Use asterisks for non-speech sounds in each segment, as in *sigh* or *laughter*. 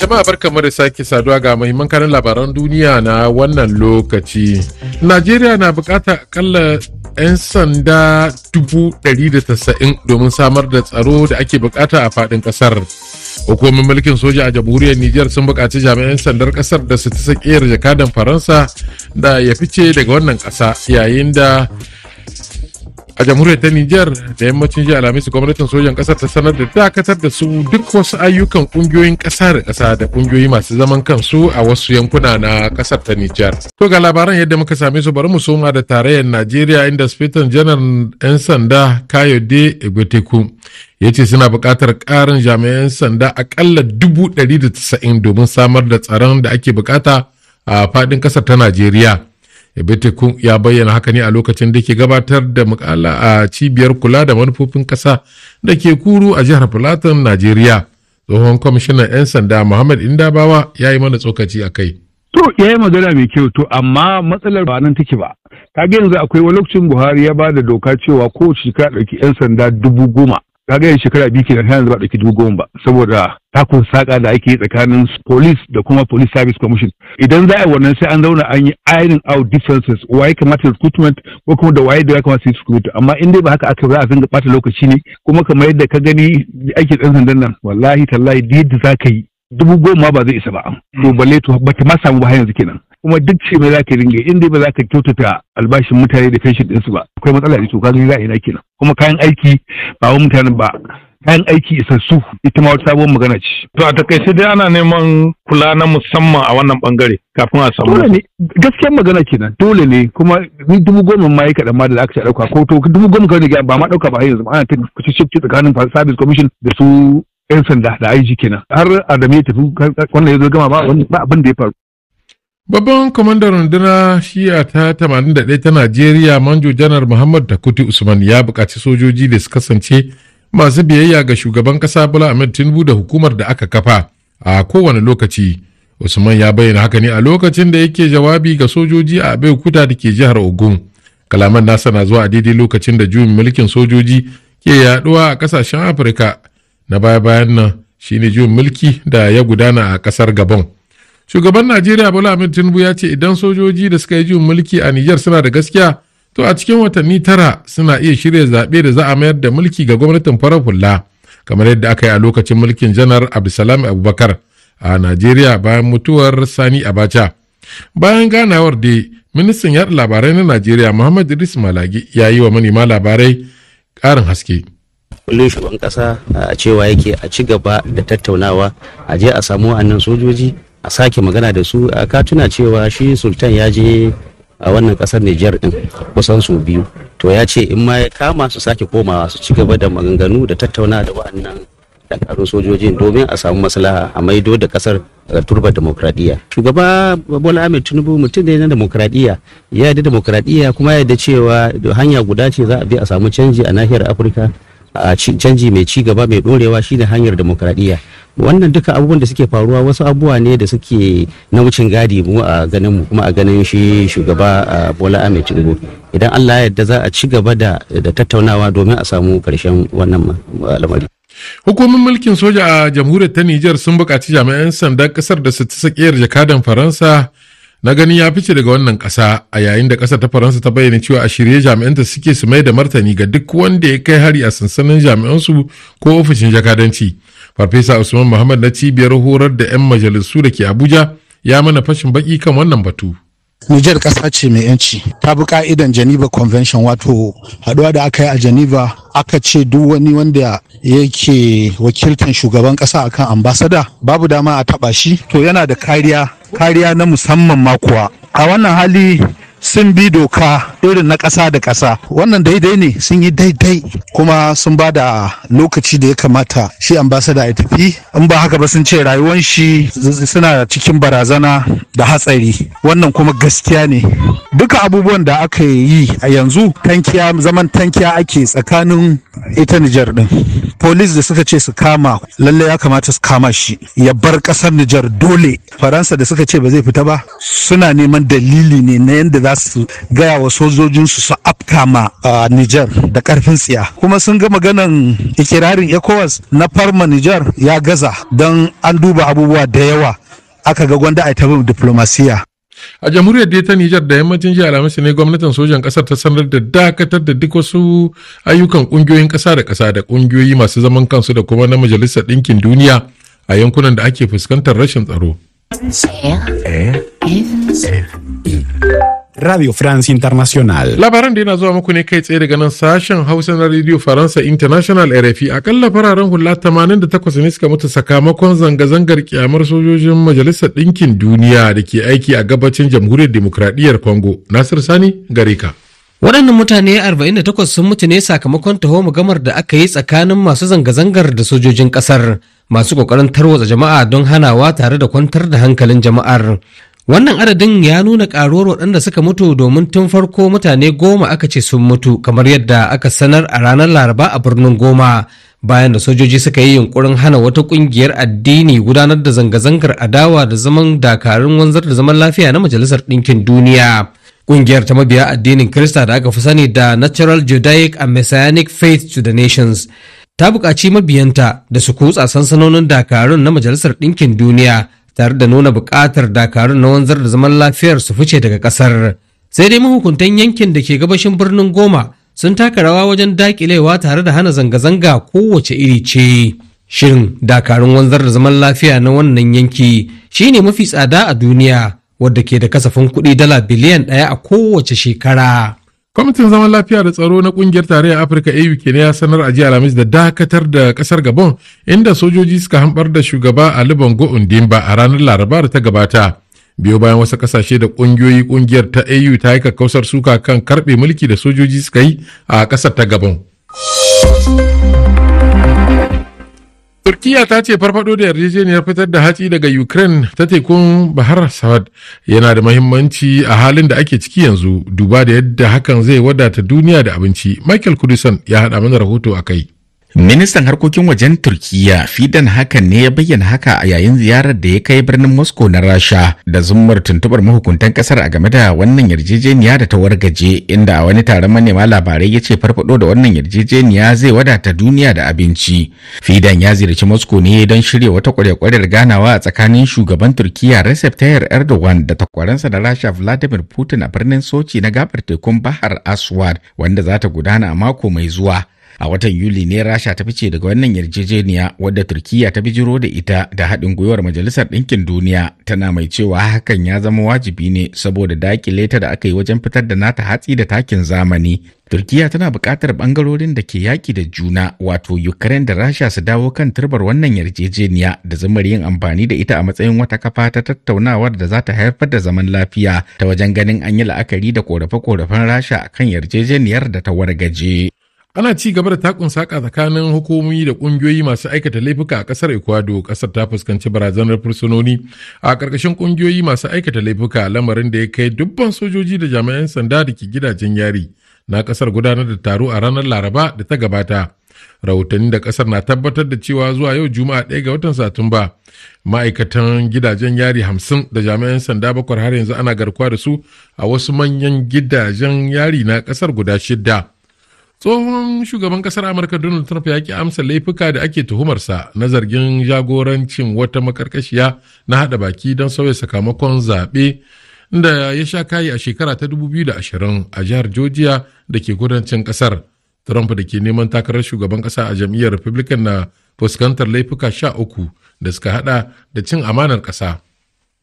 Jama'a barkamu da sake saduwa ga muhimman karin labaran duniya na wannan lokaci. Najeriya na bukatar akalla 'yan sanda 190,000 domin samar da tsaro da ake bukata a fadin kasar. Hukumomin mulkin soja a jamhuriyar Nijar sun bukaci jami'an sandar kasar da su ta sakiyar jakadan Faransa da ya fice daga wannan kasa yayin da a jamhuriyar ta Nijar da yammacin jiya Alhamis gwamnatin sojan kasar ta sanar da dakatar da su duk wasu ayyukan kungiyoyin kasa da kasa da kungiyoyi masu zaman kansu a wasu yankuna na kasar ta Nijar. To ga labaran yadda muka same su bari mu soma da tarayyar Najeriya inda Spitan Janar 'yan sanda Kayode Egweteku ya ce suna buƙatar ƙarin jami'an sanda aƙalla dubu ɗari da tasa'in domin samar da tsaron da ake buƙata a faɗin ƙasar ta Najeriya. Ebetekun ya bayyana haka ne a lokacin da ke gabatar da mukala a cibiyar kula da manufofin ƙasa da ke kuru a jihar Filatin, Najeriya. Tsohon kwamishinan 'yan sanda Muhammad Indabawa ya yi mana tsokaci a kai. To, ya yi magana mai kyau to, amma matsalar ba nan take ba. Kage yanzu akwai wani lokacin Buhari ya ba da doka cewa shi ka ɗauki 'yan sanda dubu goma. kaga yin shekara biyu kenan har yanzu ba ɗauki dubu goma ba saboda takun saƙa da ake tsakanin police da kuma police service commission idan za a yi wannan sai an zauna an yi ironing out differences waye kamata recruitment ko kuma da waye da ya kamata su recruit amma in dai ba haka aka za a dinga ɓata lokaci ne kuma kamar yadda ka gani ake ɗan sandan nan wallahi tallahi da yadda za ka yi dubu goma ba zai isa ba to balle to ba ta ma samu ba har yanzu kenan kuma duk ce mai za ka ringe in dai ba za ka kyautata albashin mutane da pension ɗinsu ba akwai matsala da to ka gani za a ina kenan kuma kayan aiki ba wa mutanen ba kayan aiki isassu ita ma wata sabuwar magana ce. To a takaice dai ana neman kula na musamman a wannan bangare kafin a samu. Dole ne gaskiyar magana kenan dole ne kuma ni dubu goma ma yi kaɗan ma da aka ce ɗauka ko to dubu goma kawai ne ba ma ɗauka ba yanzu ana ta kuce tsakanin service commission da su yan sanda da aiki kenan har Adamu ya tafi wannan ya zo gama ba abin da ya faru Babban kwamandan rundunar shi'a ta 81 ta Najeriya Manjo Janar Muhammad Takuti Usman ya buƙaci sojoji da su kasance masu biyayya ga shugaban ƙasa Bola Ahmed Tinubu da hukumar da aka kafa a kowane lokaci. Usman ya bayyana haka ne a lokacin da yake jawabi ga sojoji a Abeokuta da ke jihar Ogun. Kalaman nasa na zuwa a daidai lokacin da juyin mulkin sojoji ke yaduwa a ƙasashen Afirka na baya-bayan nan shine juyin mulki da ya gudana a ƙasar Gabon. shugaban najeriya bola ahmed tinubu ya ce idan sojoji da suka yi juyin mulki a nijar suna da gaskiya to a cikin watanni tara suna iya shirya zaɓe da za a mayar da mulki ga gwamnatin farar hula kamar yadda aka yi a lokacin mulkin janar abdulsalam abubakar a najeriya bayan mutuwar sani abacha bayan ganawar da ministan yaɗa labarai na najeriya muhammad idris malagi ya yi wa manema labarai ƙarin haske kullum shugaban kasa a cewa yake a ci gaba da tattaunawa a je a samu wa'annan sojoji a sake magana da su a ka tuna cewa shi sultan ya je a wannan kasar Nijar din kusan su biyu to ya ce in ma ya kama su sake komawa su ci gaba da maganganu da tattauna da wa'annan dakarun sojojin domin a samu maslaha a maido da kasar turbar demokradiyya shugaba bola ahmed tinubu mutum ne na demokradiyya ya yarda demokradiyya kuma ya da cewa hanya guda ce za a bi a samu canji a nahiyar afirka a canji mai ci gaba mai dorewa shine hanyar demokradiyya wannan duka abubuwan da suke faruwa wasu abubuwa ne da suke na wucin gadi mu a ganin mu kuma a ganin shi shugaba Bola Ahmed Tinubu idan Allah ya yarda za a ci gaba da tattaunawa domin a samu karshen wannan lamari hukumomin mulkin soja a jamhuriyar ta Nijar sun bukaci jami'an sandan kasar da su ta sakiyar jakadan Faransa na gani ya fice daga wannan ƙasa a yayin da ƙasa ta faransa ta bayyana cewa a shirye jami'anta suke su mai da martani ga duk wanda ya kai hari a sansanin jami'ansu ko ofishin jakadanci farfesa usman muhammad na cibiyar horar da 'yan majalisu da ke abuja ya mana fashin baki kan wannan batu Nijar ƙasa ce mai yanci ta bi ka'idan Geneva Convention wato haɗuwa da aka yi a Geneva aka ce duk wani wanda yake wakiltan shugaban ƙasa akan ambasada babu dama a taɓa shi to yana da kariya kariya na musamman ma kuwa a wannan hali sun bi doka irin na ƙasa da ƙasa wannan daidai ne sun yi daidai kuma sun ba da lokaci da ya kamata shi ambasada ya tafi in ba haka ba sun ce rayuwan shi suna cikin barazana da hatsari wannan kuma gaskiya ne duka abubuwan da aka yi a yanzu tankiya zaman tankiya ake tsakanin ita Nijar din polis da suka ce su kama lalle ya kamata su kama shi ya bar ƙasar Nijar dole Faransa da suka ce ba zai fita ba suna neman dalili ne na yadda za su gaya wa sojojinsu su afka ma Nijar da karfin tsiya kuma sun ga maganan ikirarin ECOWAS na farma Nijar ya gaza don an duba abubuwa da yawa aka ga gwanda a ta diplomasiya a jamhuriyar da ta nijar da yammacin jihar alhamis ne gwamnatin sojan kasar ta sanar da dakatar da duk wasu ayyukan kungiyoyin kasa da kasa da kungiyoyi masu zaman kansu da kuma na majalisar ɗinkin duniya a yankunan da ake fuskantar rashin tsaro Radio France International. Labaran da yana zuwa muku ne kai tsaye daga nan sashen Hausa na Radio Faransa International RFI. Akalla fararen hula 88 ne suka mutu sakamakon zanga-zangar kyamar sojojin Majalisar Ɗinkin Duniya da ke aiki a gabacin Jamhuriyar Demokradiyyar Congo. Nasir Sani gare ka. Waɗannan mutane 48 sun mutu ne sakamakon taho gamar da aka yi tsakanin masu zanga-zangar da sojojin ƙasar masu ƙoƙarin tarwatsa jama'a don hanawa tare da kwantar da hankalin jama'ar. wannan adadin ya nuna karuwar waɗanda suka mutu domin tun farko mutane goma aka ce sun mutu kamar yadda aka sanar a ranar laraba a birnin goma bayan da sojoji suka yi yunkurin hana wata ƙungiyar addini gudanar da zanga-zangar adawa da zaman dakarun wanzar da zaman lafiya na majalisar ɗinkin duniya Ƙungiyar ta mabiya addinin Kirista da aka fi sani da Natural Judaic and Messianic Faith to the Nations ta buƙaci mabiyanta da su kutsa sansanonin dakarun na Majalisar Ɗinkin Duniya tare da nuna buƙatar dakarun na wanzar da zaman lafiyar su fice daga ƙasar sai dai mahukuntan yankin da ke gabashin birnin goma sun taka rawa wajen dakilewa tare da hana zanga-zanga kowace iri ce shirin dakarun wanzar da zaman lafiya na wannan yanki shine mafi tsada a duniya wadda ke da kasafin kuɗi dala biliyan ɗaya a kowace shekara kwamitin zaman lafiya da tsaro na kungiyar tarayyar afirka au ke ya sanar a jiya alhamis da dakatar da kasar gabon inda sojoji suka hanbar da shugaba a bongo ondimba a ranar laraba da ta gabata biyo bayan wasu kasashe da kungiyoyi kungiyar ta au ta yi kakkausar suka kan karbe mulki da sojoji suka yi a kasar ta gabon Turkiyya ta ce farfado da yarjejeniyar fitar da hatsi daga Ukraine ta tekun Bahar Sawad yana da mahimmanci a halin da ake ciki yanzu duba da yadda hakan zai wadata duniya da abinci. Michael Kudison ya haɗa mana rahoto a kai. Ministan harkokin wajen Turkiyya Fidan Hakan ne ya bayyana haka a yayin ziyarar da ya kai birnin Moscow na Rasha da zummar tuntubar mahukuntan kasar a game da wannan yarjejeniya da ta wargaje inda a wani taron manema labarai ya ce farfado da wannan yarjejeniya zai wadata duniya da abinci. Fidan ya ziyarci Moscow ne don shirya wata kwarekwarar ganawa a tsakanin shugaban Turkiyya Recep Tayyip Erdogan da takwaransa na Rasha Vladimir Putin a birnin Sochi na gabar tekun Bahar Aswad wanda za ta gudana a mako mai zuwa. a watan yuli ne rasha ta fice daga wannan yarjejeniya wadda turkiya ta bijiro da ita da haɗin gwiwar majalisar ɗinkin duniya tana mai cewa hakan ya zama wajibi ne saboda dakile ta da aka yi wajen fitar da nata hatsi da takin zamani turkiya tana buƙatar ɓangarorin da ke yaƙi da juna wato ukraine da rasha su dawo kan turbar wannan yarjejeniya da zumar yin amfani da ita a matsayin wata kafa ta tattaunawar da za ta haifar da zaman lafiya ta wajen ganin an yi la'akari da korafe-korafen rasha kan yarjejeniyar da ta wargaje ana ci gaba da takun saka tsakanin hukumomi da kungiyoyi masu aikata laifuka a kasar ecuador kasar ta fuskanci barazanar fursunoni a karkashin kungiyoyi masu aikata laifuka lamarin da ya kai dubban sojoji da jami'an sanda da ke gidajen yari na kasar gudanar da taro a ranar laraba da ta gabata rahotanni da kasar na tabbatar da cewa zuwa yau juma'a ɗaya ga watan satumba ma'aikatan gidajen yari hamsin da jami'an sanda bakwai har yanzu ana garkuwa da su a wasu manyan gidajen yari na kasar guda shidda tsohon shugaban kasar amurka donald trump ya ki amsa laifuka da ake tuhumarsa na zargin jagorancin wata makarkashiya na hada baki don sauya sakamakon zaɓe da ya sha kayi a shekara ta 2020 a jihar georgia da ke kudancin kasar trump da ke neman takarar shugaban kasa a jam'iyyar republican na fuskantar laifuka sha uku da suka hada da cin amanar kasa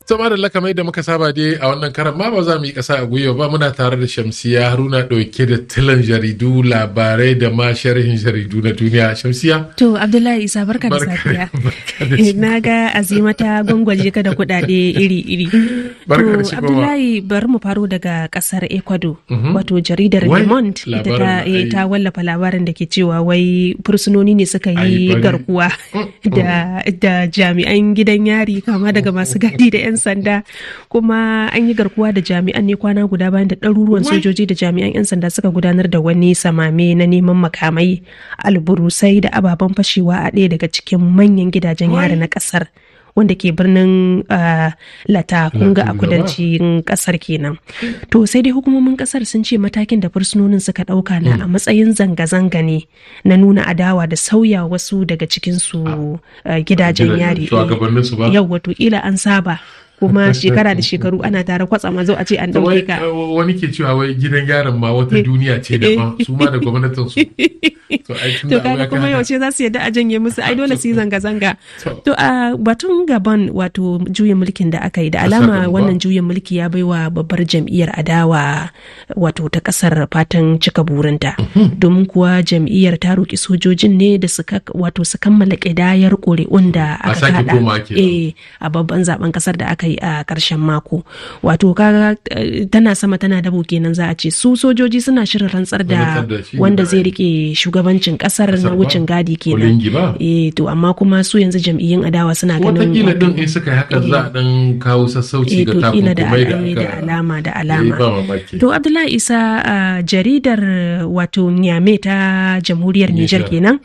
Sama da laka mai da muka saba dai a wannan karan ma ba za mu yi kasa a gwiwa ba muna tare da Shamsiya Haruna ɗauke da tilan jaridu labarai da ma sharhin jaridu na duniya Shamsiya. To Abdullahi Isa barka da safiya. *laughs* Eh, na ga azimata ta gwangwaje ka da kuɗaɗe iri-iri. *laughs* to Abdullahi bar mu faro daga kasar Ecuador. Mhm. Wato jaridar Le Monde ita eh, ta wallafa labarin da ke cewa wai fursunoni ne suka yi garkuwa mm, mm. da jami'an gidan yari kama daga masu gadi da 'yan sanda kuma an yi garkuwa da jami'an ne kwana guda bayan da ɗaruruwan sojoji da jami'an 'yan sanda suka gudanar da wani samame na neman makamai alburusai da ababen fashewa a ɗaya daga cikin manyan gidajen yari na ƙasar. wanda ke birnin ah, lata kunga a kudancin ƙasar kenan to sai dai hukumomin ƙasar sun ce matakin da fursunonin suka ɗauka na mm. a matsayin zanga-zanga ne na nuna adawa da sauya wasu daga cikinsu ah. Ah, gidajen yari yau wato kila an saba kuma shekara da shekaru ana tare kwatsa mazo a ce an dauke ka eh, wani ke cewa wai gidan yaron ma wata duniya ce daban su ma da gwamnatin su to kaga kuma yaushe za su yadda a janye musu ai dole su zanga zanga to a ah, batun gaban wato juyin mulkin da aka yi da alama wannan juyin mulki ya baiwa babbar jam'iyyar adawa wato ta kasar fatan cika burinta mhm. domin kuwa jam'iyyar ta roki sojojin ne da su wato su kammala kidayar ƙuri'un da aka kada eh, a babban zaben kasar da aka kai a ƙarshen mako wato kaga eh, tana sama tana dabo kenan za a ce su sojoji suna shirin rantsar da wanda zai rike shugabancin ƙasar na wucin gadi kenan eh to amma kuma su yanzu jam'iyyun adawa suna ganin kila din in suka haka za a dan kawo sassauci eh, ga takunkumai da alama da eh, alama to abdullahi isa jaridar wato nyame ta jamhuriyar niger kenan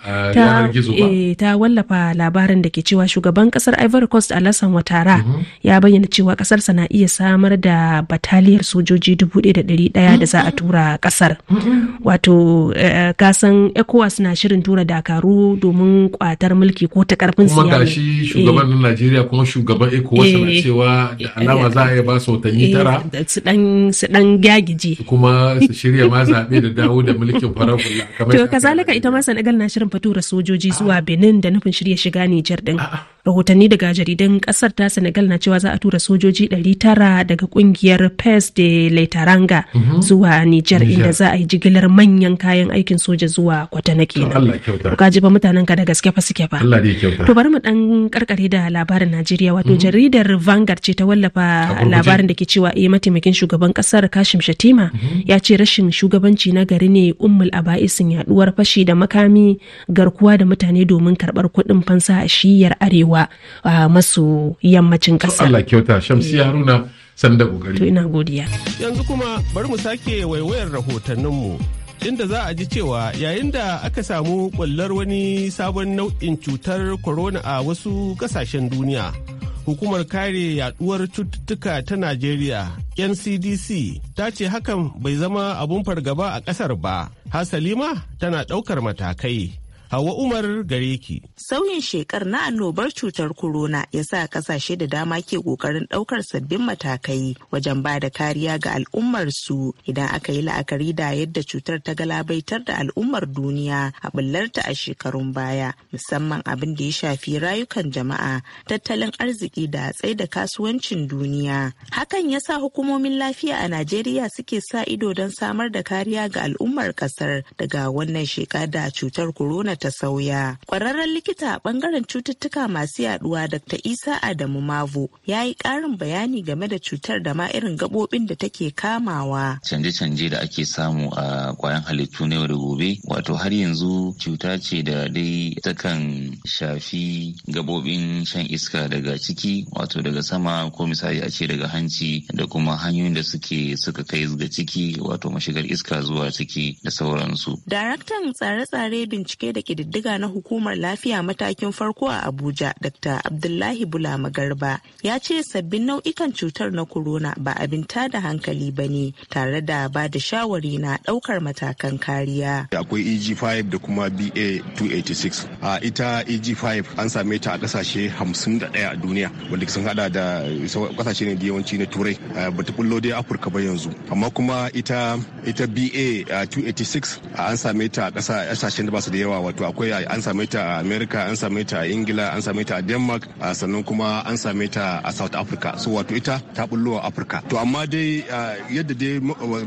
ta wallafa labarin da ke cewa shugaban ƙasar ivory coast alasan watara mhm. ya bai bayyana cewa kasarsa na iya samar da bataliyar sojoji dubu ɗaya da ɗari ɗaya da za a tura kasar wato eh, kasan ecowas na shirin tura dakaru domin kwatar mulki ko ta karfin siyasa kuma gashi shugaban eh. na najeriya kuma shugaban ecowas na eh. cewa da alama za a iya ba su watanni tara su dan gyagije kuma su shirya ma zaɓe da dawo da mulkin farar hula to kazalika ita ma sanagal na shirin fatura sojoji zuwa benin da nufin shirya shiga nijar din rahotanni daga jaridan kasar ta senegal na cewa za a tura sojoji 900 daga kungiyar pes de laitaranga mm -hmm. zuwa niger inda za a yi jigilar manyan kayan aikin soja zuwa kwatana kenan ka ji ba mutanen ka da gaske fa suke ba to bari mu dan karkare da labarin najeriya wato mhm. jaridar vanguard ce ta wallafa labarin da ke cewa eh mataimakin shugaban kasar kashim shatima mhm. ya ce rashin shugabanci na gari ne ummul aba'isin yaduwar fashi da makami garkuwa da mutane domin karbar kuɗin fansa a shiyar arewa maso yammacin kasar kyauta shamsi mm. haruna sanda kokari to ina godiya yanzu kuma bari mu sake waiwayar rahotanninmu inda za a ji cewa yayin da aka samu kullar wani sabon nau'in cutar corona a wasu kasashen duniya hukumar kare yaduwar cututtuka ta najeriya ncdc ta ce hakan bai zama abun fargaba a kasar ba hasalima tana daukar matakai Hawa Umar gare ki. Sauyin shekar na annobar cutar corona ya sa kasashe da dama ke kokarin daukar sabbin matakai wajen ba da kariya ga al'ummar su idan aka yi la'akari da yadda cutar ta galabaitar da al'ummar duniya a bullarta a shekarun baya musamman abin da ya shafi rayukan jama'a tattalin arziki da tsaye da kasuwancin duniya. Hakan ya sa hukumomin lafiya a Najeriya suke sa ido don samar da kariya ga al'ummar kasar daga wannan sheka da cutar corona ta sauya. Kwararren likita a bangaren cututtuka masu yaduwa Dr. Isa Adamu mavu ya yi ƙarin bayani game da cutar da ma irin gaɓoɓin da take kamawa. Canje-canje da ake samu a kwayan halittu na yau da gobe wato har yanzu cuta ce da dai takan shafi gabobin shan iska daga ciki wato daga sama ko misali a ce daga hanci da kuma hanyoyin da suke suka kai ga ciki wato mashigar iska zuwa ciki da sauransu. Daraktan tsare-tsare bincike da kididdiga na hukumar lafiya matakin farko a Abuja Dr. Abdullahi Bulama Garba ya ce sabbin nau'ikan cutar na corona ba abin tada hankali ba ne tare da ba da shawari na daukar matakan kariya. Akwai EG5 da kuma BA286. A ita EG5 an same ta a kasashe 51 a duniya wanda sun hada da kasashe ne da yawanci na Turai ba ta bullo dai Afirka ba yanzu. Amma kuma ita ita BA286 an same ta a kasashe da ba su da yawa wato akwai an same ta a america an same ta a ingila an same ta a denmark sannan kuma an same ta a south africa so wato ita ta bullo a africa to amma dai yadda dai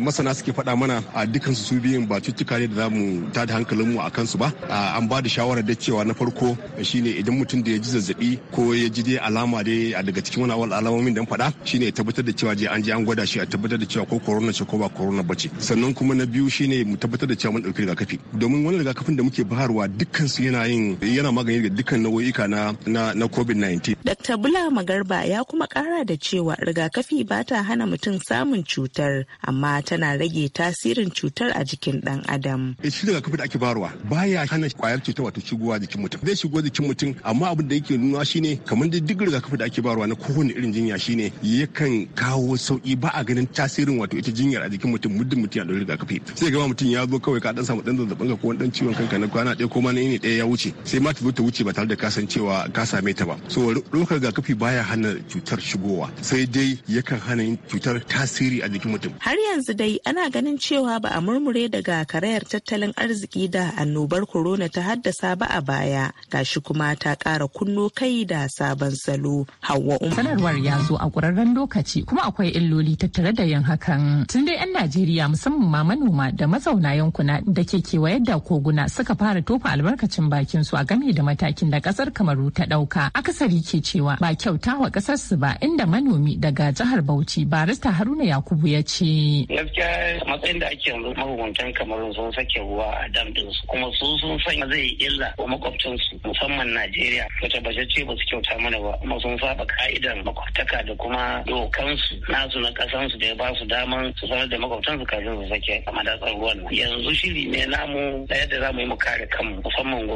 masana suke faɗa mana a dukkan su su biyun ba cutuka ne da za mu hankalin mu a kansu ba an ba da shawarar da cewa na farko shine idan mutum da ya ji zazzabi ko ya ji dai alama dai a daga cikin wani alamomin da faɗa shine tabbatar da cewa je an je an gwada shi a tabbatar da cewa ko corona ce ko ba corona ba ce sannan kuma na biyu shine mu tabbatar da cewa mun ɗauki rigakafi domin wani rigakafin da muke bayarwa sadarwa dukkan su yana yin yana magani da dukkan nau'ika na na COVID-19. Dr. Bula Magarba ya kuma kara da cewa rigakafi ba ta hana mutum samun cutar amma tana rage tasirin cutar a jikin dan adam. Eh, shi rigakafi da ake barwa baya hana kwayar cutar wato shigowa jikin mutum. Zai shigo jikin mutum amma abin da yake nuna shine kamar da duk rigakafi da ake barwa na kowane irin jinya shine yakan kawo sauki ba a ganin tasirin wato ita jinyar a jikin mutum muddin mutum ya dauki rigakafi. Sai ga mutum ya zo kawai ka dan samu dan zazzabin ka ko dan ciwon kanka na kwana ɗaya ko mana ini ɗaya ya wuce sai ma ta wuce ba tare da kasancewa ka same ta ba so ga kafi baya hana cutar shigowa sai dai yakan hana yin cutar tasiri a jikin mutum har yanzu dai ana ganin cewa ba a murmure daga karayar tattalin arziki da annobar corona ta haddasa ba a baya gashi kuma ta ƙara kunno kai da sabon salo hawa sanarwar ya zo a ƙwararren lokaci kuma akwai illoli tattare da yin hakan tun dai 'yan najeriya musamman ma manoma da mazauna yankuna da ke kewaye da koguna suka fara to tofa albarkacin bakin su a game da matakin da kasar kamaru ta dauka akasari ke cewa ba kyauta wa kasar su ba inda manomi daga jihar bauchi barista haruna yakubu ya ce gaskiya matsayin da ake yanzu mahukuntan kamaru sun sake ruwa a dam din su kuma su sun san zai illa wa makwabcin su musamman najeriya to ce ba su kyauta mana ba kuma sun saba ka'idan makwabtaka da kuma dokansu nasu na kasansu da ya ba su daman su sanar da makwabtansu kafin su sake madatsar ruwan yanzu shiri ne namu da yadda za mu yi mu kare kan musamman mu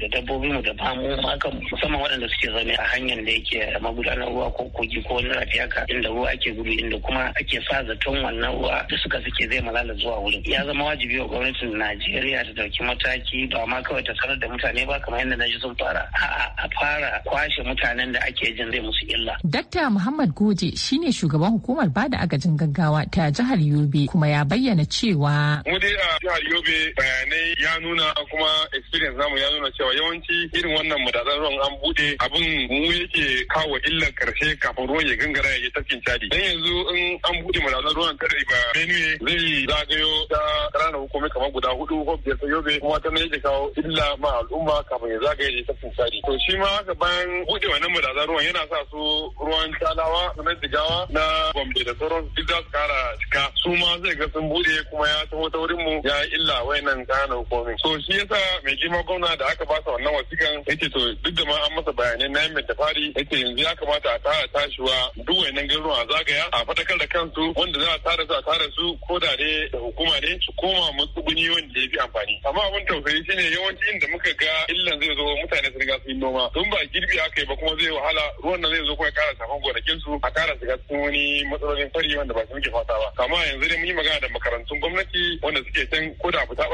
da dabbobi mu da bamu akan musamman waɗanda suke zaune a hanyar da yake magudanar ruwa ko kogi ko wani rafi haka inda ruwa ake gudu inda kuma ake sa zaton wannan ruwa da suka suke zai malala zuwa wurin ya zama wajibi wa gwamnatin Najeriya ta dauki mataki ba ma kawai ta sanar da mutane ba kamar yadda na ji sun fara a fara kwashe mutanen da ake jin zai musu illa. Dakta Muhammad Goje shine shugaban hukumar bada agajin gaggawa ta jihar Yobe kuma ya bayyana cewa mu dai a jihar Yobe bayanai ya nuna kuma experience namu ya nuna cewa yawanci irin wannan madatsan ruwan an bude abin mu yake kawo illar karshe kafin ruwan ya gangara ya tafkin cadi dan yanzu in an bude madatsan ruwan kadai ba Benue zai zagayo ta ƙananan hukumai kamar guda hudu ko biyar ta yobe kuma ta yake kawo illa ma al'umma kafin ya zagaye ya tafkin cadi to shi ma haka bayan bude wannan madatsan ruwan yana sa su ruwan talawa na jigawa na gombe da sauran duk za su kara cika su ma zai ga sun bude kuma ya taho ta wurin mu ya illa wayannan ƙananan hukumomi so shi yasa mai girma gwamna da aka basa wannan wasikan yace to duk da ma an masa bayanai na yamin da fari yace yanzu ya kamata a tara tashiwa duk wayannan garuruwa a zagaya a fadakar da kansu wanda za a tara su a tara su ko da dai da hukuma ne su koma matsuguni wanda ya fi amfani amma abin tausayi shine yawanci inda muka ga illan zai zo mutane sun riga sun noma tun ba girbi aka yi ba kuma zai wahala ruwan nan zai zo kuma ya kara shafan gonakin su a kara shiga cikin wani matsalolin fari wanda ba su muke fata ba kama yanzu dai mun yi magana da makarantun gwamnati wanda suke can ko da abu ta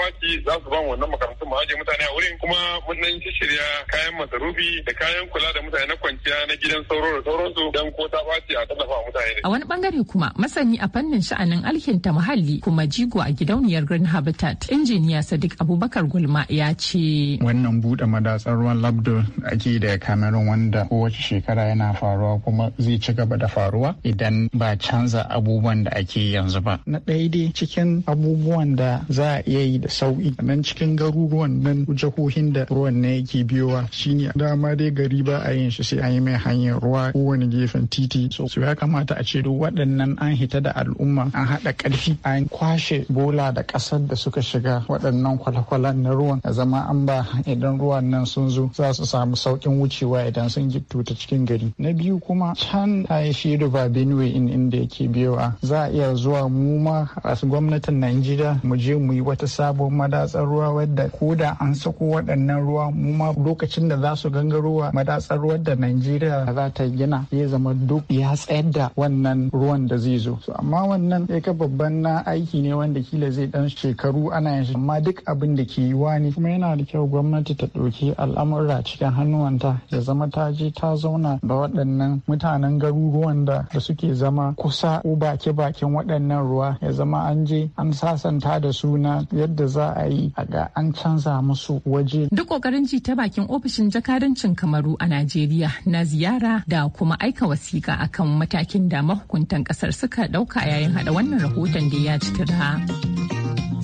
za su ba wannan makarantun ma ajiye mutane a wurin kuma mun dan shirya kayan masarufi da kayan kula da mutane na kwanciya na gidan sauro da sauransu dan ko ta bace a tallafa mutane. A wani bangare kuma masani a fannin sha'anin alkinta muhalli kuma jigo a gidauniyar Green Habitat injiniya Sadiq Abubakar Gulma ya ce. Wannan buɗe madatsar ruwan labdo ake da kamerun wanda kowace shekara yana faruwa kuma zai ci gaba da faruwa idan ba canza abubuwan da ake yanzu ba. Na daidai cikin abubuwan da za a iya yi da sauƙi nan cikin garuruwan wannan jahohin da ruwan na yake biyowa shine dama dai gari ba a yin shi sai an yi mai hanyar ruwa kowane gefen titi so ya kamata a ce duk waɗannan an hita da al'umma an haɗa ƙarfi an kwashe bola da ƙasar da suka shiga waɗannan kwale na ruwan a zama an ba idan ruwan nan sun zo za su samu sauƙin wucewa idan sun gittu ta cikin gari na biyu kuma can a yi shi river benue in inda yake biyowa za a iya zuwa mu ma a gwamnatin najeriya mu je mu yi wata sabon madatsar ruwa wadda ko da an sako waɗannan ruwa mu ma lokacin da za su gangarowa madatsar ruwan da Najeriya za ta gina ya zama duk ya tsayar da wannan ruwan da zai zo. amma wannan ya ka babban na aiki ne wanda kila zai dan shekaru ana yin amma duk abin da ke yiwa ne kuma yana da kyau gwamnati ta ɗauki al'amura cikin hannuwanta ya zama ta je ta zauna da waɗannan mutanen garuruwan da da suke zama kusa ko bake bakin waɗannan ruwa ya zama an je an sasanta da suna yadda za a yi a ga an canza musu waje. Duk ƙoƙarin ji ta bakin ofishin jakadancin Kamaru a Najeriya na ziyara da kuma aika wasiƙa akan matakin da mahukuntan ƙasar suka ɗauka yayin haɗa wannan rahoton da ya ci tura.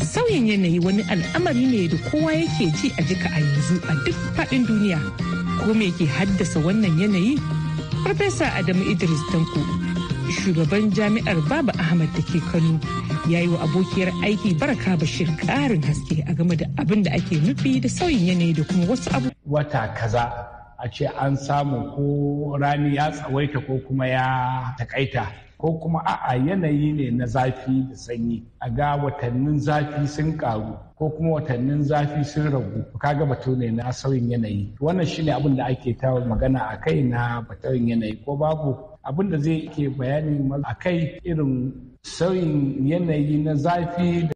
Sauyin yanayi wani al'amari ne da kowa yake ji a jika a yanzu a duk faɗin duniya. Ko me ke haddasa wannan yanayi? Farfesa Adamu Idris Tanko, shugaban jami'ar Baba Ahmad da ke Kano. ya yi wa abokiyar aiki baraka bashir karin haske a game da abin da ake nufi da sauyin yanayi da kuma wasu abu. Wata kaza a ce an samu ko rani ya tsawaita ko kuma ya takaita ko kuma a'a yanayi ne na zafi da sanyi a ga watannin zafi sun karu ko kuma watannin zafi sun ragu ga batu ne na sauyin yanayi wannan shine abin da ake ta magana a kai na batun yanayi ko babu abin da zai ke bayani a kai irin sauyin yanayi na zafi